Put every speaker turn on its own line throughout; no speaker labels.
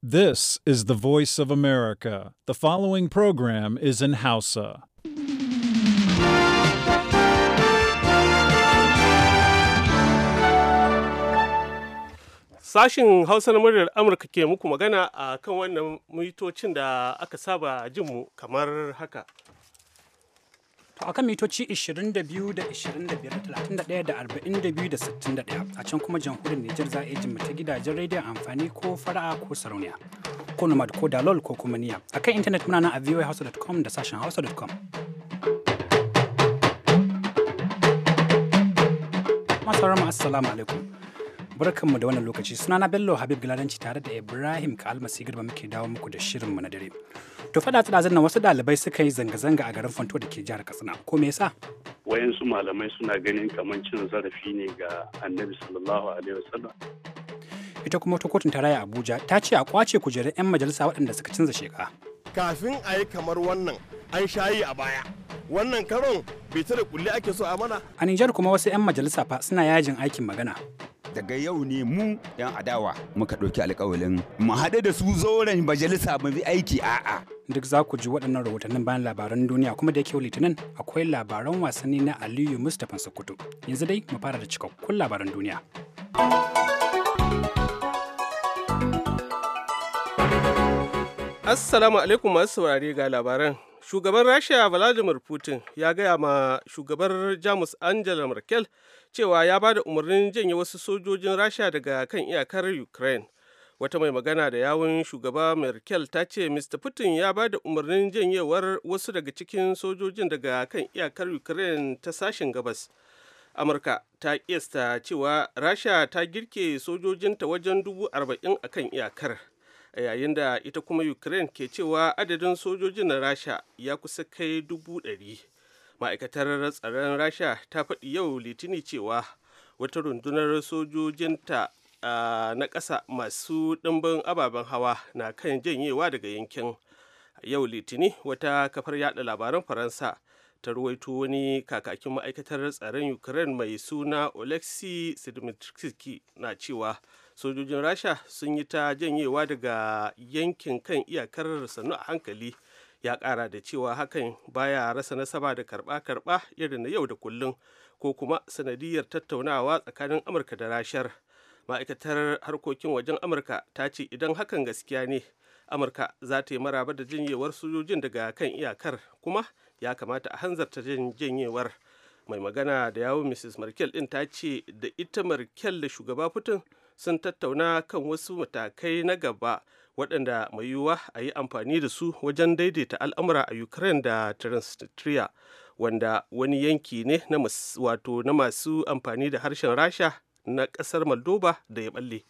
This is the voice of America. The following program is in Hausa.
Sashin Hausa na muryar Amurka ke muku magana a kan wannan mitocin da aka saba jinmu kamar haka.
To a kan mitoci 22 da 25 da da 42 da 61 a can kuma jamhuriyar Nijar za a iya ta gidajen rediyon amfani ko fara'a ko sarauniya ko nomad ko dalol ko kuma niya. kan intanet muna nan a voahausa.com da sashen hausa.com. Masu assalamu alaikum. barkanmu da wannan lokaci na bello habib giladanci tare da ibrahim ka almasi girba muke dawo muku da shirinmu na dare to faɗa tsada nan wasu ɗalibai suka yi zanga-zanga a garin fanto da ke jihar katsina ko me yasa
wayansu malamai suna ganin kamar cin zarafi
ne ga annabi sallallahu alaihi wasallam
ita kuma ta kotun taraya abuja ta ce a kwace kujerar 'yan majalisa waɗanda suka canza sheka
kafin a yi kamar wannan an shayi
a baya wannan karon bai tare kulle ake so a mana a nijar kuma wasu 'yan majalisa fa suna yajin aikin magana ta ga yau ne mu 'yan adawa muka ɗauki alkawalin mu haɗu da su zoren majalisa mu bi aiki a'a. Duk za ku ji waɗannan rahotannin bayan labaran
duniya kuma da yake litinin akwai labaran wasanni na Aliyu Mustapha Sokoto. Yanzu dai mu fara da cikakkun labaran duniya.
Assalamu alaikum masu saurare ga labaran. Shugaban Rasha Vladimir Putin ya gaya ma shugabar Jamus Angela Merkel cewa ya ba da umarnin janye wasu sojojin rasha daga kan iyakar ukraine wata mai magana da yawun shugaba merkel ta ce mr putin ya ba da umarnin janyewar wasu daga cikin sojojin daga kan iyakar ukraine ta sashen gabas amurka ta kiyasta cewa rasha ta girke sojojinta wajen dubu arba'in a kan iyakar a yayin da ita kuma ukraine ke cewa adadin sojojin na rasha ya kusa kai dubu ɗari ma'aikatar tsaron rasha ta faɗi yau litini cewa wata rundunar sojojinta na ƙasa masu ɗimbin ababen hawa na kan janyewa daga yankin yau litini wata kafar yada labaran faransa ta ruwaito wani kakakin ma'aikatar tsaron ukraine mai suna oleksi sidmitriki na cewa sojojin rasha sun yi ta janyewa daga yankin kan iyakar sannu a hankali ya ƙara da cewa hakan baya rasa nasaba da karɓa-karɓa irin na yau da kullum ko kuma sanadiyar tattaunawa tsakanin amurka da rashar ma'aikatar harkokin wajen amurka ta ce idan hakan gaskiya ne amurka za ta yi maraba da janyewar sojojin daga kan iyakar kuma ya kamata a hanzarta janyewar mai magana da yawon mrs markel din ta ce da ita markel da shugaba putin sun tattauna kan wasu matakai na gaba waɗanda mai yiwuwa a yi amfani da su wajen daidaita al'amura a ukraine da transnistria wanda wani yanki ne na wato na masu amfani da harshen rasha na ƙasar moldova da ya ɓalle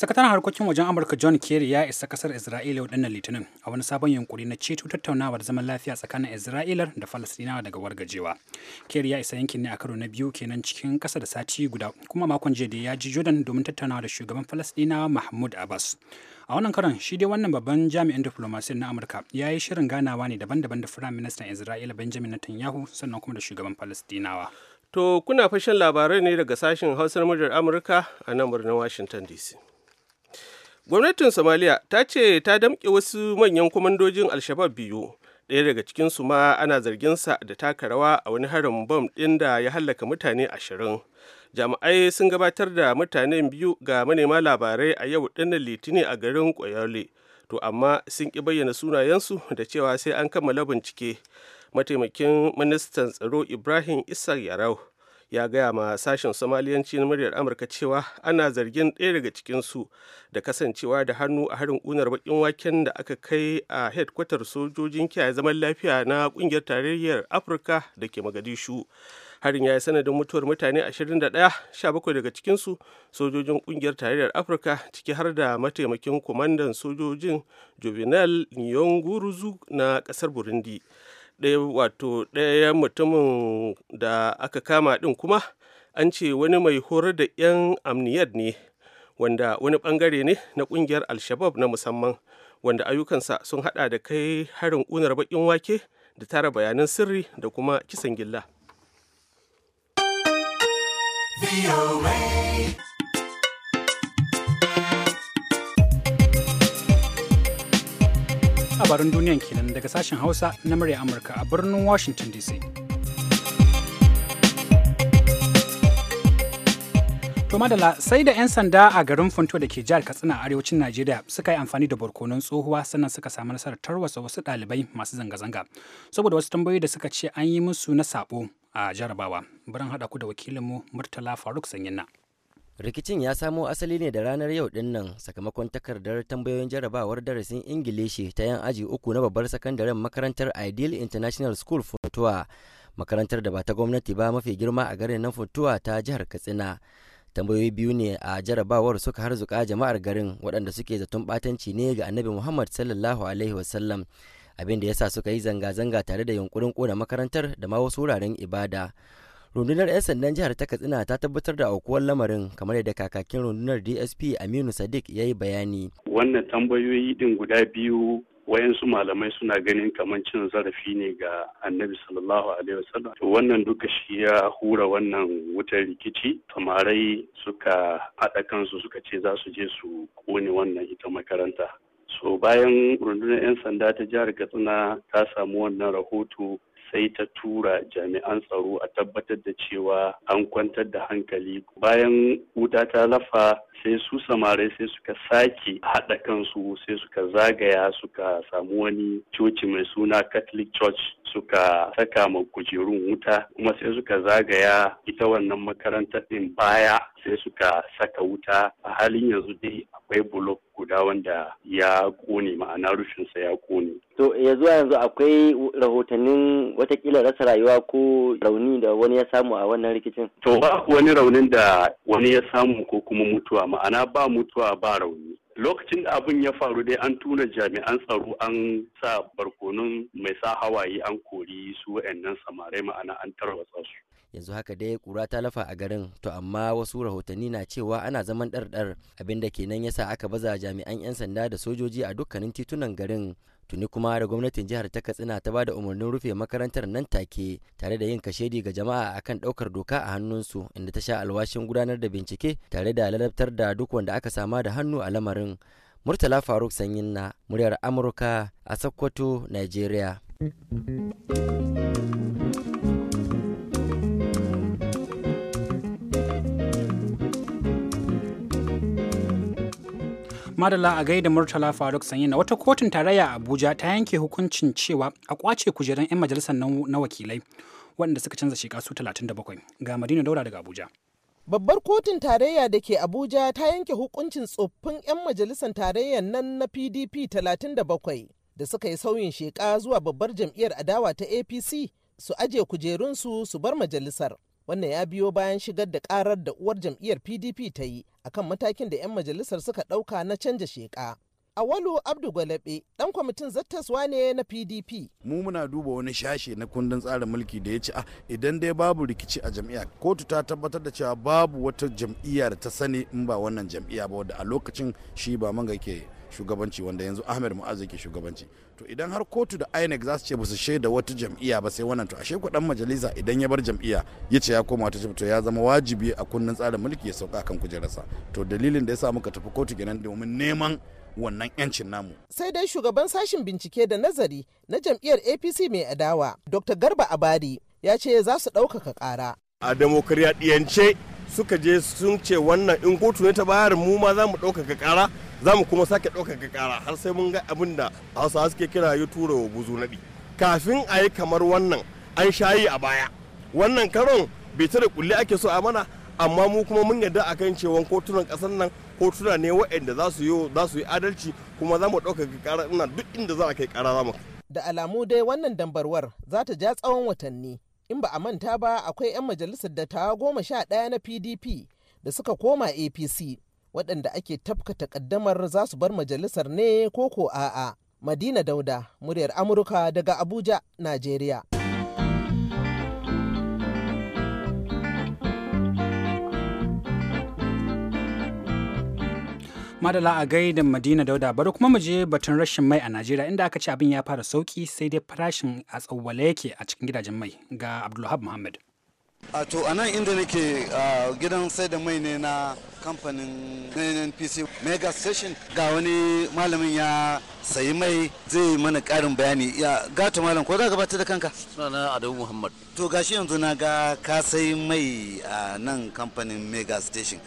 sakataren harkokin wajen amurka john kerry ya isa kasar isra'ila waɗannan litinin a wani sabon yunkuri na ceto tattaunawar zaman lafiya tsakanin isra'ilar da falastinawa daga wargajewa kerry ya isa yankin ne a karo na biyu kenan cikin ƙasa da sati guda kuma makon jiya da ya ji jordan domin tattaunawa da shugaban falastinawa mahmud abbas a wannan karon shi dai wannan babban jami'in diflomasiyyar na amurka ya yi shirin ganawa ne daban-daban da firayim ministan isra'ila benjamin netanyahu sannan kuma da shugaban falastinawa to kuna
fashin labarai ne daga sashen hausar muryar amurka a nan birnin washington dc gwamnatin somaliya ta ce ta damƙe wasu manyan kwamandojin alshabab biyu ɗaya daga cikinsu ma ana zarginsa da taka rawa a wani harin bom ɗin da ya hallaka mutane ashirin jami'ai sun gabatar da mutane biyu ga manema labarai a yau ɗin litini a garin koyole to amma sun ƙi bayyana sunayensu da cewa sai an kammala bincike mataimakin ministan tsaro ibrahim isar yarau ya gaya ma sashen somaliyanci na muryar amurka cewa ana zargin ɗaya daga cikinsu da kasancewa da hannu a harin unar bakin waken da aka kai a hedkwatar sojojin kiyaye zaman lafiya na ƙungiyar tarayyar afirka da ke magadishu harin ya yi sanadin mutuwar mutane 21 17 daga cikinsu sojojin ƙungiyar tarayyar afirka ciki har da mataimakin kwamandan sojojin juvenal nyonguruzu na ƙasar burundi ɗaya wato ɗaya mutumin da aka kama ɗin kuma an ce wani mai horar da 'yan amniyar ne wanda wani ɓangare ne na ƙungiyar alshabab na musamman wanda ayyukansa sun haɗa da kai harin ƙunar baƙin wake da tara bayanan sirri da kuma kisan gilla.
duniya duniyan kenan daga sashen Hausa na murya Amurka a birnin Washington DC. To madala sai da 'yan sanda a garin Funto da ke jihar Katsina a arewacin Najeriya suka yi amfani da barkonon tsohuwa sannan suka samu nasarar tarwasa wasu ɗalibai masu zanga-zanga saboda wasu tambayoyi da suka ce an yi musu na sabo a jarabawa. Barin haɗa ku da wakilinmu Murtala Faruk Sanyinna.
rikicin ya samo asali ne da ranar yau din nan sakamakon takardar tambayoyin jarabawar darasin ingilishi ta yan aji uku na babbar sakandaren makarantar ideal international school funtuwa makarantar da ba ta gwamnati ba mafi girma a garin nan funtuwa ta jihar katsina tambayoyi biyu ne a jarabawar suka harzuka jama'ar garin waɗanda suke zaton batanci ne ga annabi muhammad sallallahu alaihi wasallam abin da yasa suka yi zanga-zanga tare da yunkurin kona makarantar da ma wasu wuraren ibada rundunar 'yan sandan jihar ta katsina ta tabbatar da aukuwar lamarin kamar yadda kakakin rundunar dsp aminu sadiq ya yi bayani
wannan tambayoyi din guda biyu wayansu malamai suna ganin kamar cin zarafi ne ga annabi sallallahu alaihi wasallam to wannan duka shi ya hura wannan wutar rikici samarai suka haɗa kansu suka ce za su je su kone wannan ita makaranta so bayan rundunar 'yan sanda ta jihar katsina ta samu wannan rahoto sai ta tura jami'an tsaro a tabbatar da cewa an kwantar da hankali bayan wuta ta lafa sai su samarai sai suka sake haɗa kansu sai suka zagaya suka samu wani coci mai suna catholic church suka saka ma kujerun wuta kuma sai suka zagaya ita wannan makarantar din baya sai suka saka wuta a halin yanzu dai akwai bulok guda wanda ya kone ma'ana sa ya kone.
To ya zuwa yanzu akwai rahotannin watakila rasa rayuwa ko rauni da wani ya samu a wannan rikicin? To ba wani
raunin da
wani ya samu ko kuma mutuwa ma'ana ba mutuwa ba rauni.
lokacin da abin ya faru dai an tuna jami'an tsaro an sa barkonun mai sa hawaye an kori su wa'annan samarai ma'ana an tarwatsa su
yanzu haka dai kura ta lafa a garin to amma wasu rahotanni na cewa ana zaman ɗarɗar abinda kenan yasa aka baza jami'an 'yan sanda da sojoji a dukkanin titunan garin tuni kuma da gwamnatin jihar ta katsina ta ba da umarnin rufe makarantar nan take tare da yin kashedi ga jama'a akan daukar doka a hannunsu inda ta sha alwashin gudanar da bincike tare da ladabtar da duk wanda aka sama da hannu a lamarin murtala faruk sanyin na muryar amurka a sokoto nigeria
madalla a gaida murtala faruk sanyi na wata kotun tarayya abuja ta yanke hukuncin cewa a kwace kujerun 'yan majalisar na wakilai waɗanda suka canza shekaru su 37 ga madina daura daga abuja
Babbar kotun tarayya da ke Abuja ta yanke hukuncin tsoffin 'yan majalisar tarayyar nan na PDP 37 da suka yi sauyin shekaru zuwa babbar jam'iyyar adawa ta APC su aje kujerunsu su bar majalisar. wannan ya biyo bayan shigar da karar da uwar jam'iyyar pdp ta yi akan matakin da 'yan majalisar suka ɗauka na canja sheka awalu abdu gwalabe dan kwamitin zattaswa ne na pdp mu muna duba wani shashe na kundin tsarin mulki da ya ci a ah, idan dai babu rikici a jam'iyya kotu ta
tabbatar da cewa babu wata jam'iyyar da ta sani in ba wannan jam'iyya ba wadda a lokacin shi ba manga ke shugabanci wanda yanzu ahmed mu'azu yake shugabanci to idan har kotu da inec za su ce ba su shaida wata jam'iyya ba sai wannan to ashe ku dan majalisa idan ya bar jam'iyya ya ce ya koma wata to ya zama wajibi a kunnen tsarin mulki ya sauka kan kujerarsa to dalilin da ya sa muka tafi kotu kenan domin
neman wannan 'yancin namu.
Sai dai shugaban sashen bincike da nazari na jam'iyyar APC mai adawa, Dr. Garba Abadi, ya ce za su ɗaukaka ƙara.
A ɗiyance
suka je sun ce wannan in kotu ne ta bayar mu ma za mu ɗaukaka ƙara za mu kuma sake ɗaukaka ƙara har sai mun ga abin da hausawa suke kira ya tura wa buzu naɗi kafin a yi kamar wannan an shayi a baya wannan karon bai da kulle ake so a mana amma mu kuma mun yarda a kan cewa kotunan ƙasar nan kotuna ne waɗanda za su yi adalci kuma za mu ɗaukaka ƙara ina duk inda za a kai ƙara za mu
da alamu dai wannan dambarwar za ta ja tsawon watanni in ba a manta ba akwai 'yan majalisar dattawa goma sha ɗaya na pdp da suka koma apc waɗanda ake tafka takaddamar za su bar majalisar ne ko ko a'a. Madina Dauda, muryar Amurka daga Abuja, Najeriya. Madala a gaidan
Madina Dauda bari kuma mu je batun rashin mai a Najeriya inda aka ce abin ya fara sauki sai dai farashin a tsawwala yake a cikin gidajen mai ga Abdulhab Muhammad.
a to a inda nake gidan sai da mai ne na kamfanin nnpc mega station ga wani malamin ya sayi mai zai mana karin bayani ya gata malam ko za ka da kanka sunana adamu muhammad to gashi yanzu na ga ka sai mai a nan kamfanin mega station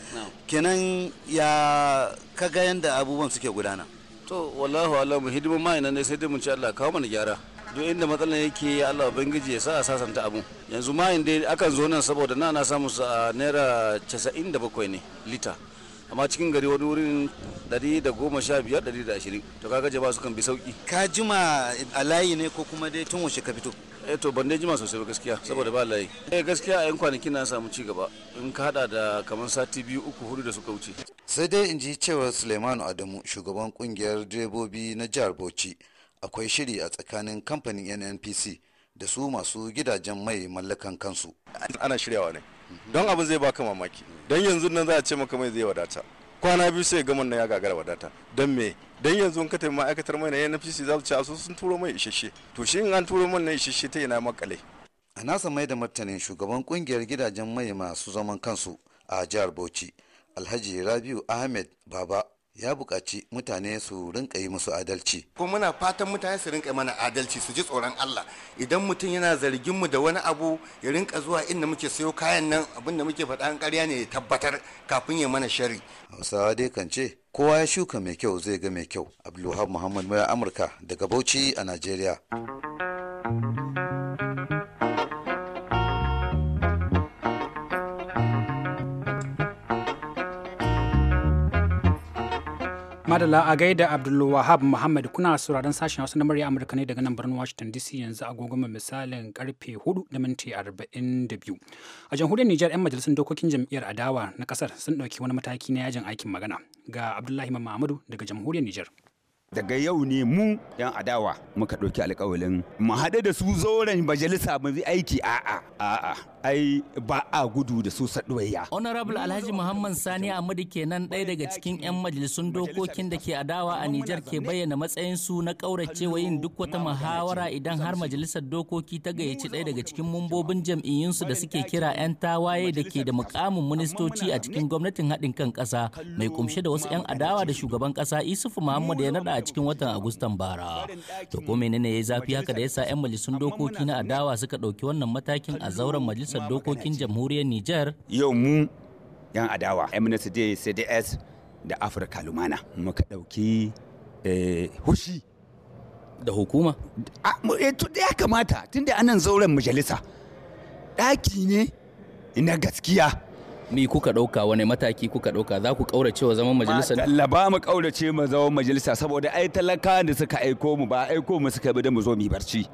kenan ya kaga yadda abubuwan suke gudana to wallahu alamu hidima ma ina ne sai dai mun ci Allah kawo mana gyara duk inda matsalan yake Allah ubangiji ya sa a sasanta abu yanzu ma dai akan zo nan saboda na na samu a naira 97 ne lita amma cikin gari wani wurin 115 120 to kaga jama'a sukan bi sauki ka jima a layi ne ko kuma dai tun washe ka fito eh to ban jima sosai ba gaskiya saboda ba layi eh gaskiya a yan kwanaki na samu ci gaba in ka hada da kamar sati biyu uku hudu da suka wuce sai dai in ji cewa suleiman Adamu shugaban kungiyar direbobi na jihar Bauchi akwai shiri a tsakanin kamfanin NNPC da su masu gidajen mai mallakan kansu ana shiryawa ne don abin zai baka mamaki don yanzu nan za a ce maka mai zai wadata kwana biyu sai gaman na ya gagara wadata don me don yanzu in ka tafi ma'aikatar mai na NPC za su ci asu sun turo mai isasshe to shi in an turo mai na isasshe ta ina makale a nasa mai da martanin shugaban kungiyar gidajen mai masu zaman kansu a jihar Bauchi Alhaji Rabiu Ahmed Baba ya buƙaci mutane su rinka yi musu adalci. Ko muna fatan mutane su rinka mana adalci su ji tsoron Allah idan mutum yana zargin mu da wani abu ya rinka zuwa inda muke sayo kayan nan abin da muke faɗa ƙarya ne ya tabbatar kafin ya mana shari. Hausawa dai kan ce kowa ya shuka mai kyau zai ga mai kyau. Abdulwahab Muhammad maya Amurka daga Bauchi a Najeriya.
Madala a gaida Abdulwahab Muhammad kuna sauraron sashen Hausa na murya Amurka ne daga nan birnin Washington DC yanzu agogoma misalin karfe 4 da minti 42. A jamhuriyar Nijar 'yan majalisun dokokin jam'iyyar adawa na kasar sun ɗauki wani mataki na yajin aikin magana ga Abdullahi Mamadu daga
jamhuriyar Nijar. daga yau ne mu yan adawa muka ɗauki alkawalin mu haɗu da su zoren majalisa mu aiki a'a a'a ai ba a gudu da su saduwaya.
Honorable Alhaji Muhammad Sani Ahmadu kenan ɗaya daga cikin 'yan majalisun dokokin da ke adawa a Nijar ke bayyana matsayin su na wa yin duk wata muhawara idan har majalisar dokoki ta gayyaci ɗaya daga cikin mumbobin jam'iyyunsu da suke kira 'yan tawaye da ke da mukamin ministoci a cikin gwamnatin haɗin kan ƙasa mai kumshe da wasu 'yan adawa da shugaban ƙasa Isufu Muhammad ya naɗa a cikin watan Agustan bara. To ko menene ya zafi haka da yasa 'yan majalisun dokoki na adawa suka ɗauki wannan matakin a zauren majalisar majalisar dokokin jamhuriyar Nijar.
Yau mu 'yan adawa, MNS da CDS da Afirka Lumana muka ɗauki eh, hushi. Da hukuma? Eh, ya kamata tun da anan zauren majalisa. Ɗaki ne na gaskiya. Mi kuka ɗauka wani mataki kuka ɗauka za ku ƙaurace wa zaman majalisa? Allah ba mu ƙaurace ma zaman majalisa saboda ai talaka da suka aiko mu ba aiko mu suka bi da mu zo mu barci.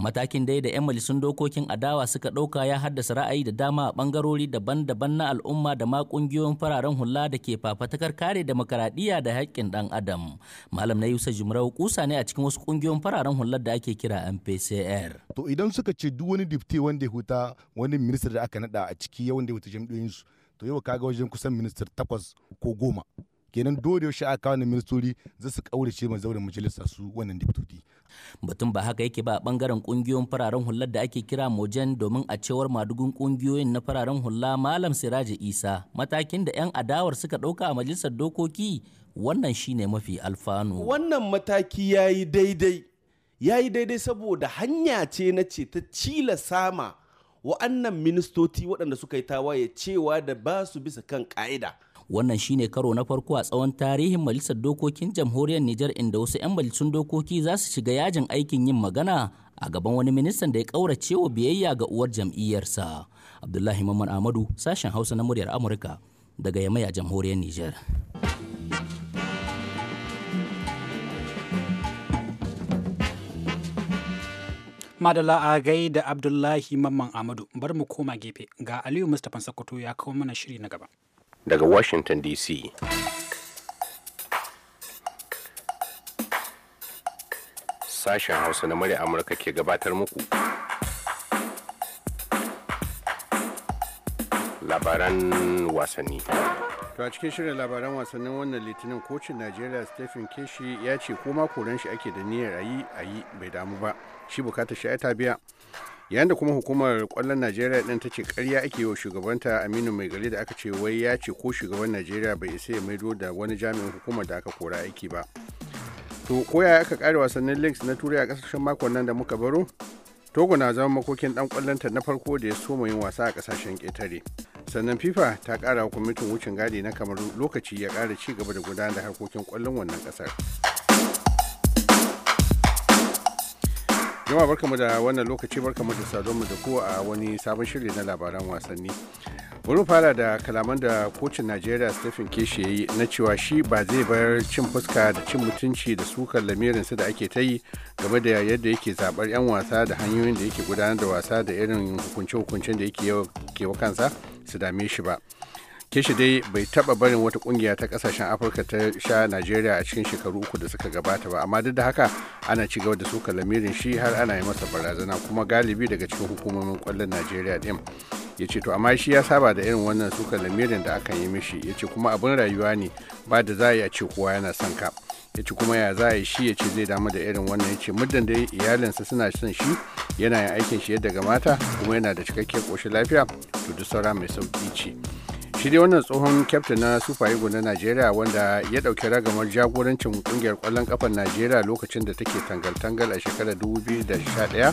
matakin dai da 'yan majalisun dokokin adawa suka ɗauka ya haddasa ra'ayi da dama a ɓangarori daban-daban na al'umma da ma ƙungiyoyin fararen hula da ke fafatakar kare demokaradiyya da haƙƙin ɗan adam malam na yusa jimrau kusa ne a cikin wasu ƙungiyoyin fararen hular da ake kira npcr to idan suka ce duk wani dipte wanda ya huta wani minista da aka naɗa a ciki yawan da ya huta jam'iyyoyinsu to yau kaga wajen kusan minista takwas ko goma kenan dole yaushe aka kawo ministoci za su kaurace ma zauren majalisa su wannan diptoti batun ba haka yake ba a bangaren kungiyoyin fararen hular da ake kira mojen domin a cewar madugun kungiyoyin na fararen hula malam siraji isa matakin da 'yan adawar suka ɗauka a majalisar dokoki wannan shine mafi alfanu
wannan mataki ya yi daidai ya yi daidai saboda hanya ce na ce ta cila sama wa'annan ministoci waɗanda suka yi tawaye
cewa da ba su bisa kan ƙa'ida
wannan shine karo na farko a tsawon tarihin majalisar dokokin jamhuriyar Nijar inda wasu 'yan majalisun dokoki za su shiga yajin aikin yin magana a gaban wani ministan da ya kaurace wa biyayya ga uwar jam'iyyarsa Abdullahi Mamman Ahmadu sashen Hausa na muryar Amurka daga Yamai a jamhuriyar Nijar.
Madala a gai Abdullahi Mamman Amadu bar mu koma gefe ga Aliyu Mustapha Sokoto ya kawo mana shiri na gaba.
daga Washington DC. Sashen Hausa na murya Amurka ke gabatar muku. Labaran wasanni. To a cikin shirin labaran wasannin wannan litinin kocin Najeriya Stephen Keshi ya ce ko koran shi ake da niyyar ayi ayi bai damu ba. Shi bukatar shi ta biya. yayin da kuma hukumar kwallon najeriya din ta ce karya ake wa shugabanta aminu mai gari da aka ce wai ya ce ko shugaban najeriya bai isa ya maido da wani jami'in hukumar da aka kora aiki ba to koya aka kare wasannin links na turai a kasashen makon nan da muka baro togo na zama makokin dan kwallonta na farko da ya soma yin wasa a kasashen ƙetare sannan fifa ta kara wa kwamitin wucin gadi na kamar lokaci ya kara ci gaba da gudanar da harkokin kwallon wannan kasar jama'a barkamu da wannan lokaci barkamu da sadonmu da ko a wani sabon shirya na labaran wasanni bari fara da kalaman da kocin najeriya stephen keshe ya yi na cewa shi ba zai bar cin fuska da cin mutunci da sukar lamirinsu da ake ta yi game da yadda yake zabar 'yan wasa da hanyoyin da yake gudanar da wasa da irin hukunce-hukuncen da yake wa kansa su dame shi ba kishi dai bai taba barin wata kungiya ta kasashen afirka ta sha najeriya a cikin shekaru uku da suka gabata ba amma duk da haka ana ci gaba da suka lamirin shi har ana yi masa barazana kuma galibi daga cikin hukumomin kwallon najeriya din ya ce to amma shi ya saba da irin wannan suka lamirin da akan yi mishi ya ce kuma abin rayuwa ne ba da za a ce kowa yana son ka ya ce kuma ya za a yi shi ya ce zai damu da irin wannan ya ce muddin da iyalinsa suna son shi yana yin aikin shi yadda ga mata kuma yana da cikakken koshin lafiya to duk saura mai sauki ce shi dai wannan tsohon kyaftin na super na najeriya wanda ya dauki ragamar jagorancin kungiyar kwallon kafan najeriya lokacin da take tangal-tangal a shekarar 2011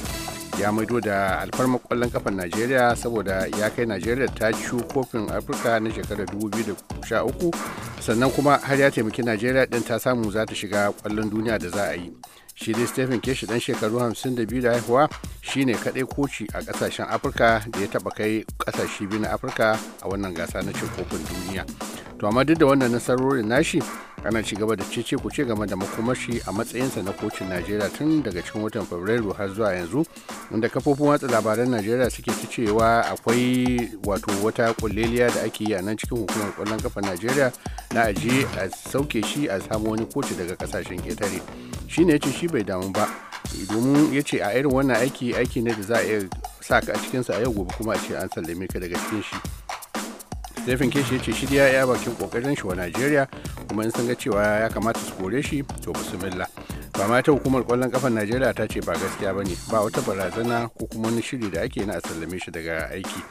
ya maido da alfarmar kwallon kafar najeriya saboda ya kai najeriya ta ci kofin afirka na shekarar 2013 sannan kuma har ya taimaki najeriya din ta samu za ta shiga kwallon duniya da za a yi shi dai stephen keshi dan shekaru 52 da haihuwa shine kaɗai koci a kasashen afirka da ya taɓa kai kasashe biyu na afirka a wannan gasa na cin kofin duniya to amma duk da wannan nasarorin nashi ana ci gaba da cece ku ce game da makomashi a matsayinsa na kocin najeriya tun daga cikin watan fabrairu har zuwa yanzu inda kafofin watsa labaran najeriya suke ci cewa akwai wato wata kulleliya da ake yi a nan cikin hukumar kwallon kafa najeriya na aje a sauke shi a samu wani koci daga kasashen ketare shi ya ce shi bai damu ba domin ya ce a irin wannan aiki aiki ne da za a iya sa ka a cikinsa a yau gobe kuma a ce an sallame ka daga cikin shi stephen keshi ya ce shi ya ya bakin kokarin shi wa najeriya kuma in sun ga cewa ya kamata su kore shi to bismillah ba ma ta hukumar kwallon kafar najeriya ta ce ba gaskiya ba ne ba wata barazana ko kuma wani shiri da ake na a sallame shi daga aiki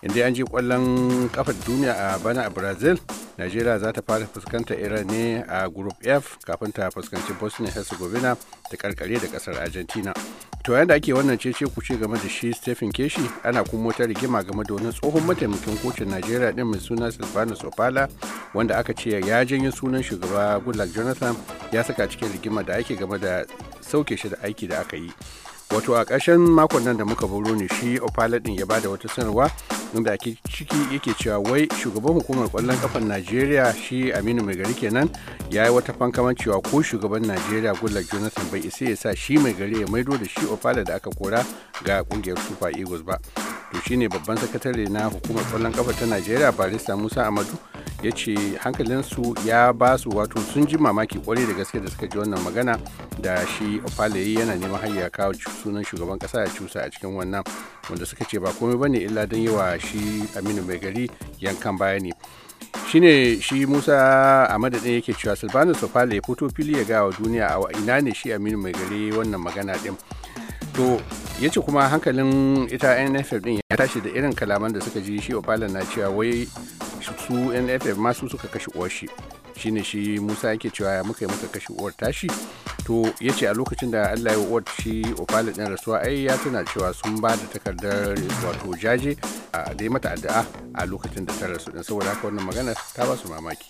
inda an je kwallon kafar duniya a bana a brazil najeriya za ta fara fuskantar iran ne a group f kafin ta fuskanci bosnia herzegovina ta karkare da kasar argentina to yadda ake wannan cece ku ce game da shi stephen keshi ana kuma wata rigima game da wani tsohon mataimakin kocin najeriya din mai suna silvano opala wanda aka ce ya janyo sunan shugaba goodluck jonathan ya saka cikin rigima da ake game da sauke shi da aiki da aka yi wato a ƙarshen makon nan da muka baro ne shi opala din ya bada wata sanarwa inda ake ciki yake cewa wai shugaban hukumar kwallon kafan najeriya shi aminu mai gari kenan ya yi wata fankaman cewa ko shugaban najeriya goodluck jonathan bai isa ya sa shi mai gari ya maido da shi ofala da aka kora ga kungiyar super eagles ba to shine babban sakatare na hukumar kwallon kafa ta najeriya barista musa Ahmadu ya ce hankalinsu ya ba su wato sun ji mamaki kwarai da gaske da suka ji wannan magana da shi opale yana neman hanyar kawo sunan shugaban kasa ya cusa a cikin wannan wanda suka ce ba komai bane illa don yawa shi aminu mai gari yankan baya ne shine shi musa a madadin yake cewa silvanus opale ya fito fili ya gawa duniya a ina ne shi aminu mai gari wannan magana din to ya ce kuma hankalin ita nff din ya tashi da irin kalaman da suka ji shi opala na cewa wai su nff masu suka kashe uwar shi shine shi musa yake cewa ya muka yi muka kashe uwar tashi to ya ce a lokacin da allah ya uwar shi opala din rasuwa ai ya tuna cewa sun ba da takardar wato jaje a dai mata addu'a a lokacin da ta rasu din saboda haka wannan magana ta ba su mamaki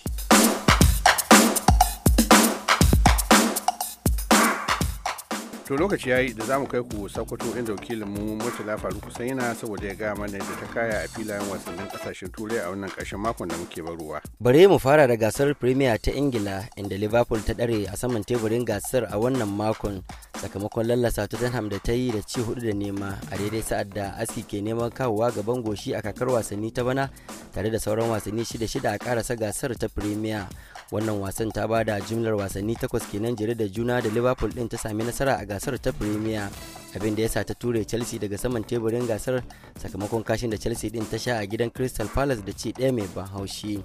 to lokaci ya yi da za mu kai ku sakwato inda wakilin mu murtala lafaru kusan yana saboda ya gaya mana da ta kaya a filayen wasannin kasashen turai a wannan karshen makon da muke barowa
bare mu fara da gasar premier ta ingila inda liverpool ta dare a saman teburin gasar a wannan makon sakamakon lallasa tottenham da ta yi da ci hudu da nema a daidai sa'ad da aski ke neman kawowa gaban goshi a kakar wasanni ta bana tare da sauran wasanni shida shida a karasa gasar ta premier wannan wasan ta ba da jimlar wasanni takwas kenan jere da juna da liverpool din ta sami nasara a gasar ta premier abin da ya sa ta ture chelsea daga saman teburin gasar sakamakon kashin da chelsea din ta sha a gidan crystal palace da ci ɗaya mai ban haushi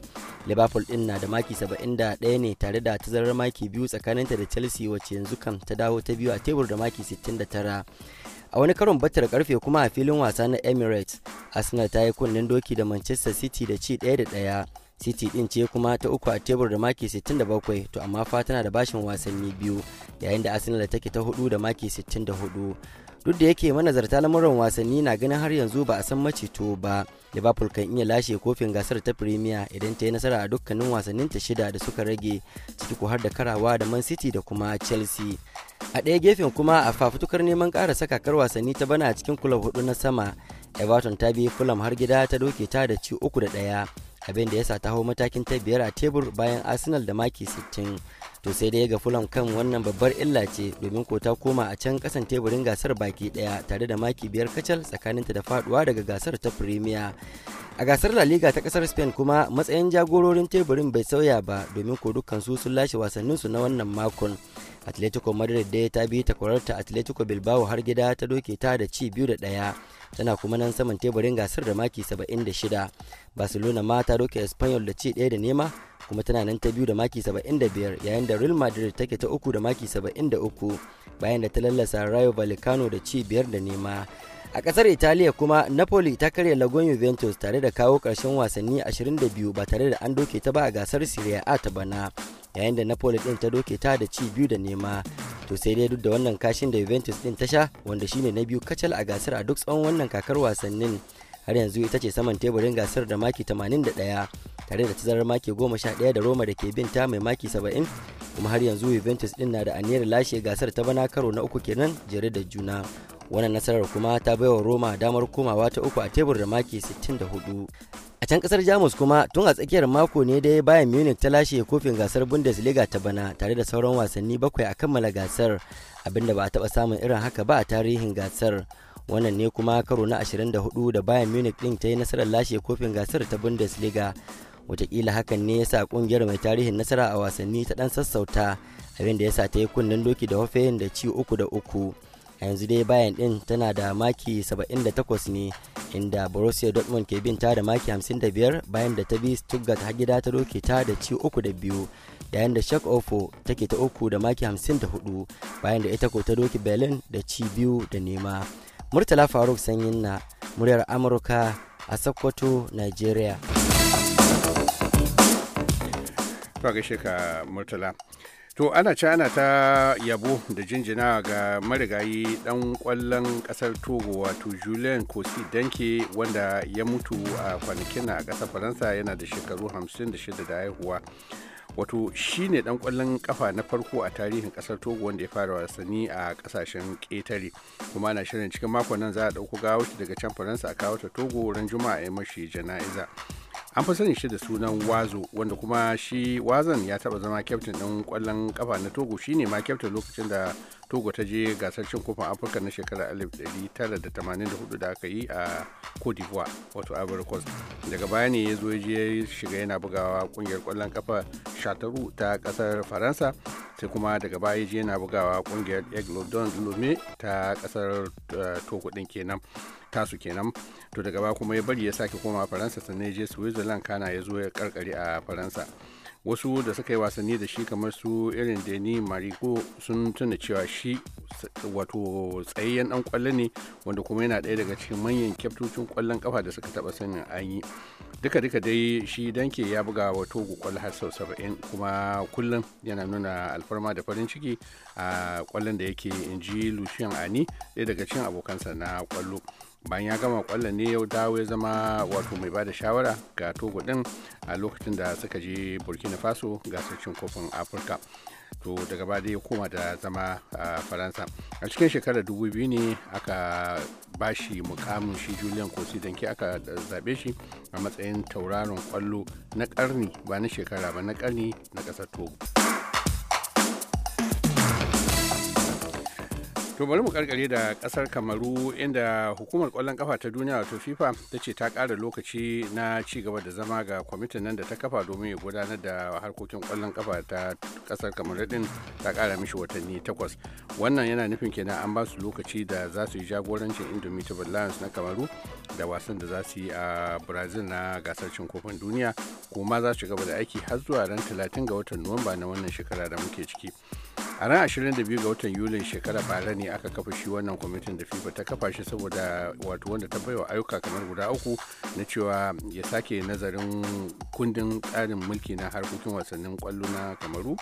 liverpool din na da maki 71 ne tare da tazarar maki biyu tsakaninta da chelsea wacce yanzu kam ta dawo ta biyu a tebur da maki 69 a wani karon batar karfe kuma a filin wasa na emirates arsenal ta yi kunnen doki da manchester city da ci ɗaya da ɗaya city din ce kuma ta uku a tebur da maki 67 to amma fa tana da bashin wasanni biyu yayin da arsenal take ta hudu da maki 64 duk da yake manazarta lamuran wasanni na ganin har yanzu ba a san macito ba liverpool kan iya lashe kofin gasar ta premier idan ta yi nasara a dukkanin wasannin ta shida da suka rage ciki ko har da karawa da man city da kuma chelsea a ɗaya gefen kuma a fafutukar neman ƙara sakakar wasanni ta bana a cikin kulab hudu na sama everton ta bi fulham har gida ta doke ta da ci uku da ɗaya abin da ya sa ta hau matakin ta biyar a tebur bayan arsenal da maki 60 to sai dai ga fulham kan wannan babbar illa ce domin ko ta koma a can kasan teburin gasar baki daya tare da maki biyar kacal tsakaninta da faduwa daga gasar ta premier a gasar la liga ta kasar spain kuma matsayin jagororin teburin bai sauya ba domin ko dukkan su sun lashe wasanninsu na wannan makon atletico madrid dai ta bi takwararta atletico bilbao har gida ta doke ta da ci biyu da ɗaya tana kuma nan saman teburin gasar da maki 76 barcelona ma ta doke espanyol da ci ɗaya da nema kuma tana nan ta biyu da maki 75 yayin da real madrid take ta uku da maki 73 bayan da ta lallasa rayo vallecano da ci biyar da nema a kasar italiya kuma napoli ta karya lagon juventus tare da kawo karshen wasanni 22 ba tare da an doke ta ba a gasar serie a ta bana yayin da napoli din ta doke ta da ci biyu da nema to sai dai duk da wannan kashin da juventus ɗin ta sha wanda shine na biyu kacal a gasar a duk tsawon wannan kakar wasannin har yanzu ita ce saman teburin gasar da maki 81 tare da tazarar maki 11 da roma da ke bin ta mai maki 70 kuma har yanzu juventus din na da aniyar lashe gasar ta bana karo na uku kenan jere da juna wannan nasarar kuma ta bai wa roma damar komawa ta uku a tebur da maki 64 a can kasar jamus kuma tun a tsakiyar mako ne dai bayan munich ta lashe kofin gasar bundesliga ta bana tare da sauran wasanni bakwai a kammala gasar abinda ba a taba samun irin haka ba a tarihin gasar wannan ne kuma karo na 24 da bayan munich din ta yi nasarar lashe kofin gasar ta bundesliga watakila hakan ne yasa kungiyar mai tarihin nasara a wasanni ta dan sassauta abinda yasa ta yi kunnen doki da hoffenheim da ci uku da uku a yanzu dai bayan din tana da maki 78 ne inda borussia dortmund ke bin ta da maki 55 bayan da ta bi stuttgart har gida ta doke ta da ci uku da biyu yayin da shek ofo take ta uku da maki 54 bayan da ita ko ta doke berlin da ci biyu da nema murtala faruk sanyin na muryar amurka a sokoto nigeria
ka murtala to ana ci ana ta yabo da jinjina ga marigayi dan kwallon kasar togo wato julien kosi danke wanda ya mutu a kwanakin a kasar faransa yana da shekaru 56 da haihuwa wato shi ne dan kwallon kafa na farko a tarihin kasar togo wanda ya fara wasanni a kasashen ƙetare kuma na shirin cikin makon nan za a ɗauko gawashi daga can faransa a kawo ta togo ran juma'a ya mashi jana'iza an fi sani shi da sunan wazo wanda kuma shi wazan ya taba zama kyaftin ɗin kwallon kafa na togo shine ma kyaftin lokacin da togo ta je gasar cin kofin afirka na shekarar 1984 da aka yi a cote d'ivoire wato ivory coast daga baya ne ya zo ya je shiga yana bugawa kungiyar kwallon kafa shataru ta kasar faransa sai kuma daga baya je yana bugawa kungiyar eglodon lome ta kasar eh, togo ɗin kenan tasu kenan to daga ba kuma ya bari ya sake koma faransa sannan ya je switzerland kana ya zo ya karkare a faransa wasu da suka yi wasanni da shi kamar su irin deni marigo sun tuna cewa shi wato tsayayyen dan kwallo ne wanda kuma yana ɗaya daga cikin manyan kyaftocin kwallon kafa da suka taba sanin an yi duka duka dai shi danke ya buga wa togo kwallo har sau saba'in kuma kullum yana nuna alfarma da farin ciki a kwallon da yake inji ji ani ɗaya daga cikin abokansa na kwallo bayan ya gama kwallon ne yau dawo ya zama wato mai bada shawara ga togo din a lokacin da suka je burkina faso gasar cin kofin afirka to daga baya ya koma da zama a faransa a cikin shekarar dubu biyu ne aka ba shi mukamin shi julian kosi danke aka zaɓe shi a matsayin tauraron kwallo na karni ba na shekara ba na karni na ƙasar togo to bari mu karkare da kasar kamaru inda hukumar kwallon kafa ta duniya wato fifa ta ce ta kara lokaci na ci gaba da zama ga kwamitin nan da ta kafa domin ya gudanar da harkokin kwallon kafa ta kasar kamaru din ta kara mishi watanni takwas wannan yana nufin kenan an ba su lokaci da za su yi jagorancin indomitable lions na kamaru da wasan da za su yi a brazil na gasar cin kofin duniya kuma za su gaba da aiki har zuwa ran 30 ga watan nuwamba na wannan shekara da muke ciki a ran 22 ga watan yulin shekara bara ne aka kafa shi wannan kwamitin da fifa ta kafa shi saboda wato wanda ta baiwa ayyuka kamar guda uku na cewa ya sake nazarin kundin tsarin mulki na harkokin wasannin kwallo na kamaru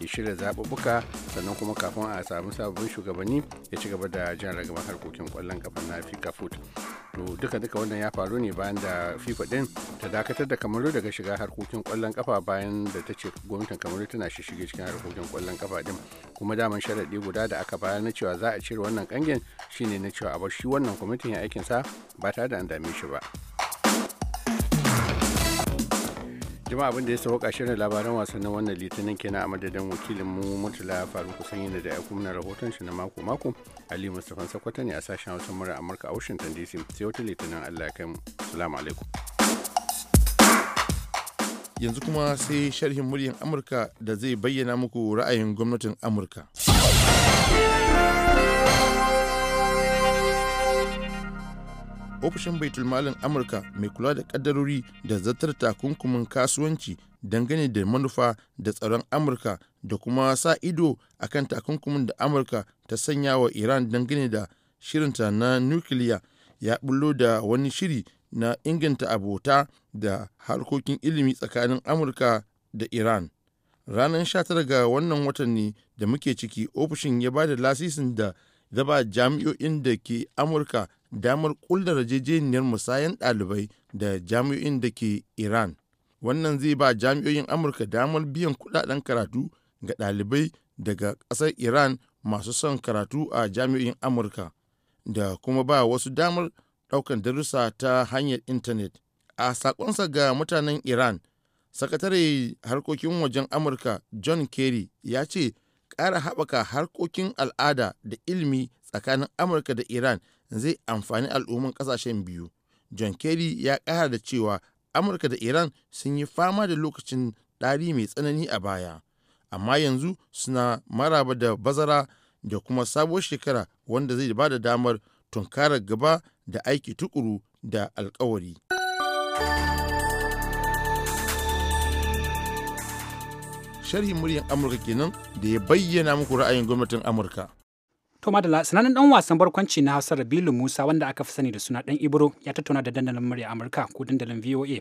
ya shirya zaɓuɓɓuka sannan kuma kafin a samu sababbin shugabanni ya ci gaba da jan ragamar harkokin kwallon kafa na fifa foot to duka duka wannan ya faru ne bayan da fifa din ta dakatar da kamaru daga shiga harkokin kwallon kafa bayan da ta ce gwamnatin kamaru tana shishige cikin harkokin kwallon kafa din kuma daman sharaɗi guda da aka bayar na cewa za a cire wannan kangen shine na cewa a shi wannan kwamitin ya sa ba tare da an dame shi ba jama'a abin da ya sauka shirin labaran wasannin wannan litinin kenan a madadin wakilin mu murtala faru kusan yin da ya kuma rahoton shi na mako mako ali mustafan sakwata ne a sashen hausa murar amurka a washington dc sai wata litinin allah ya kai mu salamu alaikum
yanzu kuma sai sharhin muryar amurka da zai bayyana muku ra'ayin gwamnatin amurka ofishin baitul malin amurka mai kula da kaddarori da zartar takunkumin kasuwanci dangane da manufa da tsaron amurka da kuma sa ido a kan takunkumin da amurka ta sanya wa iran dangane da shirinta na nukiliya ya bullo da wani shiri na inganta abota da harkokin ilimi tsakanin amurka da iran ranar 19 ga wannan watan ne da muke ciki ofishin ya ba da lasisin da zaba jami'o'in da ke amurka damar kulla rajejeniyar musayan ɗalibai da jami'o'in da ke iran wannan zai ba jami'o'in amurka damar biyan kudaden karatu ga ɗalibai daga ƙasar iran masu son karatu a jami'o'in amurka da kuma ba wasu damar ɗaukan darussa ta hanyar intanet a sakonsa ga mutanen iran sakatare harkokin wajen amurka john kerry ya ce ƙara haɓaka harkokin al'ada da ilimi tsakanin amurka da iran zai amfani al'umman ƙasashen biyu john kerry ya ƙara da cewa amurka da iran sun yi fama da lokacin ɗari mai tsanani a baya amma yanzu suna maraba da bazara da kuma sabuwar shekara wanda zai ba da damar tunkarar gaba da aiki tukuru da alkawari. Sharhin muryar Amurka kenan da ya bayyana muku ra'ayin gwamnatin Amurka. To Madala, sanannen dan wasan barkwanci na Hausa Rabilu
Musa wanda aka fi sani da suna dan Ibro ya tattauna da dandalin murya Amurka ko dandalin VOA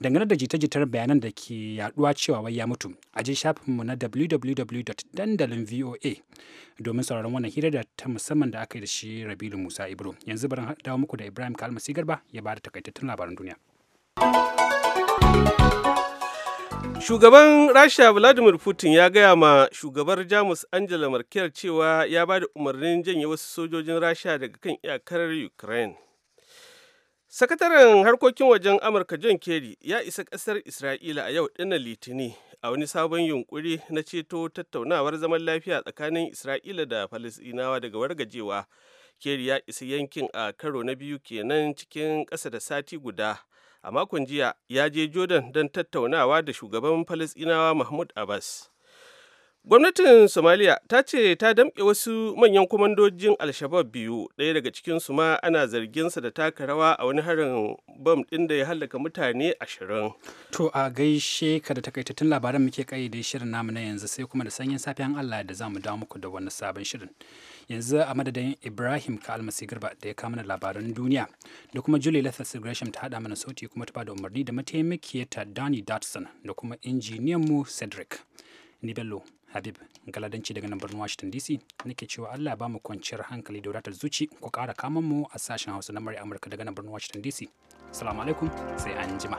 dangane da jita-jitar bayanan da ke yaduwa cewa wai ya mutu. A je shafinmu na www.dandalinvoa domin sauraron wannan hira da ta musamman da aka yi da shi Rabilu Musa Ibro. Yanzu barin dawo muku da Ibrahim Kalmasi Garba ya ba da takaitattun labaran duniya.
Shugaban Rasha Vladimir Putin ya gaya ma shugabar Jamus Angela Merkel cewa ya ba da umarnin janye wasu sojojin Rasha daga kan iyakar Ukraine. Sakataren harkokin wajen Amurka John Kerry ya isa ƙasar Isra'ila a yau ɗinnan Litini a wani sabon yunƙuri na ceto tattaunawar zaman lafiya tsakanin Isra'ila da Falasɗinawa daga wargajewa Kerry ya isa yankin a karo na biyu kenan cikin ƙasa da sati guda. A makon jiya ya je Jordan don tattaunawa da shugaban Falasɗinawa Mahmud Abbas. Gwamnatin Somalia ta ce ta damƙe wasu manyan kwamandojin Alshabab biyu, ɗaya daga cikinsu ma ana zarginsa da taka rawa a wani harin bom ɗin da ya hallaka mutane ashirin.
To a gaishe ka da takaitattun labaran muke da shirin namu na yanzu sai kuma da sanyin safiyan Allah da za mu dawo muku da wani sabon shirin. yanzu a madadin ibrahim ka almasi garba da ya kama mana labaran duniya da kuma julie lethal gresham ta hada mana sauti kuma ta bada umarni da mataimakiyarta danny datson da kuma injiniyan mu cedric ni bello habib galadanci daga nan birnin washington dc nake cewa allah ba mu kwanciyar hankali da wadatar zuci ku kara kaman mu a sashen hausa na murya amurka daga nan birnin washington dc salamu alaikum sai an jima.